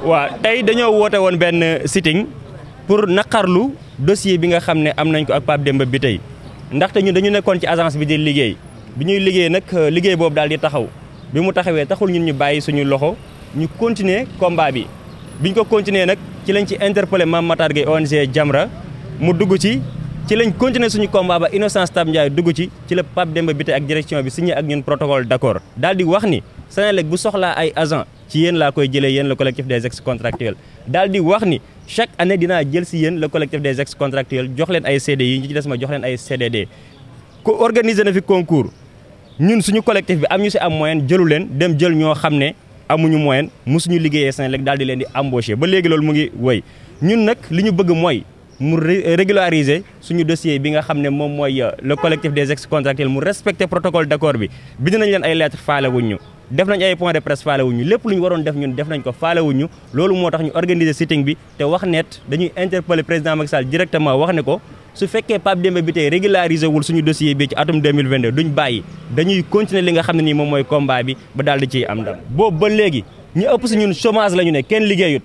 waaw tey dañoo woote woon benn sitting pour naqarlu dossier bi nga xam ne am nañ ko ak Pape Demba bi tey ndaxte ñun dañu nekkoon ci agence bi di liggéey bi ñuy liggéey nag euh, liggéey boobu daal di taxaw bi mu taxawee taxul ñun ñu bàyyi suñu loxo ñu continuer combat bi biñ ko continuer nag ci lañ ci interpellé Mame Matar Gueye ONG Jamra mu dugg ci ci lañ continuer suñu combat ba Innocence Tab Ndiaye dugg ci ci la Pape Demba bi tey ak direction bi signé ak ñun protocole d'accord daal di wax ni Senelec bu soxlaa ay agent ci yéen laa koy jëlee yéen le collectif des ex contractuels daal di wax ni chaque année dinaa jël si yéen le collectif des ex contractuels jox leen ay CDI yi ñu ci des ma jox leen ay CDD ko organiser na fi concours ñun suñu collectif bi am ñu si am moyen jëlu leen dem jël ñoo xam ne amuñu mu suñu liggéeyee Senelec daal di leen di embaucher ba léegi loolu mu ngi wéy ñun nag li ñu bëgg mooy mu euh, régulariser suñu dossier bi nga xam ne moom mooy euh, le collectif des ex contractuels mu respecter protocole d'accord bi bind nañ leen ay lettres faale wuñ ñu def nañ ay point de presse faalewuñu lépp lu ñu waroon def ñun def nañ ko faalewuñu loolu moo tax ñu organiser sitting bi te wax net dañuy interpeller président Macky Sall directement wax ne ko su fekkee Pape Demba bi tey régularisé wul suñu dossier bi ci atum 2022 duñ bàyyi dañuy continuer li nga xam ne nii moom mooy combat bi ba daal di am ndam boobu ba léegi ñu ëpp si ñun chômage la ñu ne kenn liggéeyut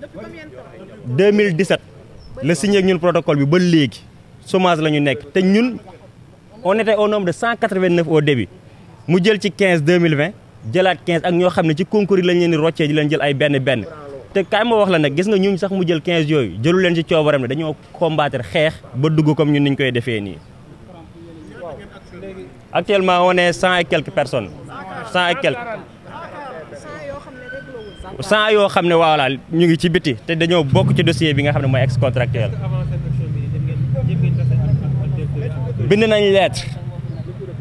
2017 la signé ak ñun protocole bi ba léegi chômage la ñu nekk te ñun on était au nombre de 189 au début mu jël ci 15 2020 jëlaat 15 ak ñoo xam ne ci concours yi lañ leen di roccee di ay benn benn te kaay moo wax la nag gis nga ñun sax mu jël 15 yooyu jëlu leen ci coobaram ne dañoo combattre xeex ba dugg kom ñu ñun ñu koy defee nii actuellement on est cent et quelques personnes cent et quelques cent yoo xam ne voilà ñu ngi ci biti te dañoo bokk ci dossier bi nga xam ne mooy ex contractuel bind nañ lettre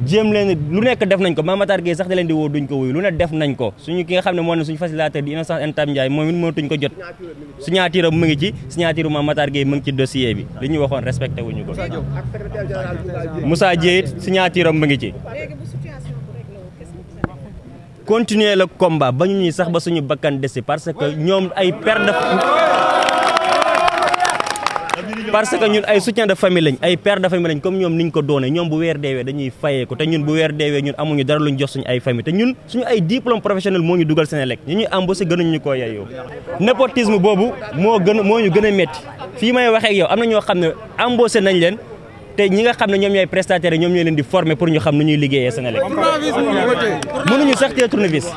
jéem leen lu nekk def nañ ko Mame Matar Gueye sax da leen di woo duñ ko wuyu lu ne def nañ ko suñu ki nga xam ne moo ne suñu facilitateur di Innocence N Tam Ndiaye moom it mënatuñ ko jot signature mu ngi ci signature Mame Matar Gueye mu ngi ci dossier bi li ñu waxoon respecté wuñu ko Moussa Dieye it signature mu ngi ci continuer le combat ba ñu ñuy sax ba suñu bakkan desi parce que ñoom ay perte parce que ñun ay soutien de famille lañ ay père de famille lañ comme ñoom niñ ko doone ñoom bu weer deewee dañuy fayee ko te ñun bu weer deewee ñun amuñu dara luñ jox suñu ay famille te ñun suñu ay diplôme professionnel moo ñu dugal Senelec ñi ñuy embauché gënuñ ñu koo yeyoo népotisme boobu moo gën moo gën a métti fii may waxee ak am na ñoo xam ne embauché nañ leen te ñi nga xam ne ñoom ñooy prestataires yi ñoom ñooy leen di former pour ñu xam nu ñuy liggéeyee Senelec mënuñu sax tee tournevis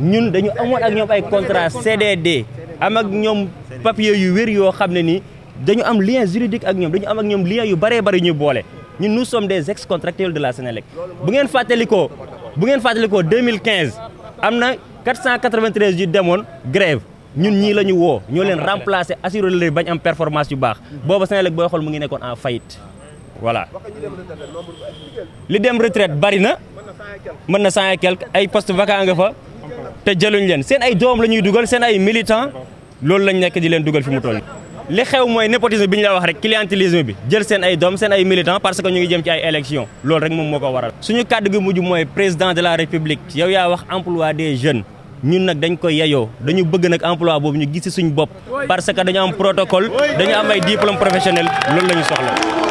ñun dañu amoon ak ñoom ay contrat CDD am ak ñoom papier yu wér yoo xam ne nii dañu am lien juridique ak ñoom dañu am ak ñoom lien yu bëree bëri ñu boole ñun nu some des ex contractuels de la Sénélec bu ngeen fàttalikoo bu ngeen fàttalikoo 2015 am na 493 yu demoon grève ñun ñii la ñu woo ñoo leen remplacer assuré leen bañ am performance yu baax booba Senelec booy xool mu ngi nekkoon en faillite voilà. li dem retraite bari na mën na cent et quelque ay poste vacant nga fa te jëluñ leen seen ay doom la ñuy dugal seen ay militan loolu lañ nekk di leen dugal fi mu toll li xew mooy népotisme bi ñu la wax rek clientélisme bi jël seen ay doom seen ay militant parce que ñu ngi jëm ci ay élection loolu rek moom moo ko waral suñu kàddu gi mujj mooy président de la république yow yaa wax emploi des jeunes ñun nag dañ koy yeyoo dañu bëgg nag emploi boobu ñu gis ci suñu bopp parce que dañu am protocole dañu am ay diplôme professionnel loolu la ñu soxla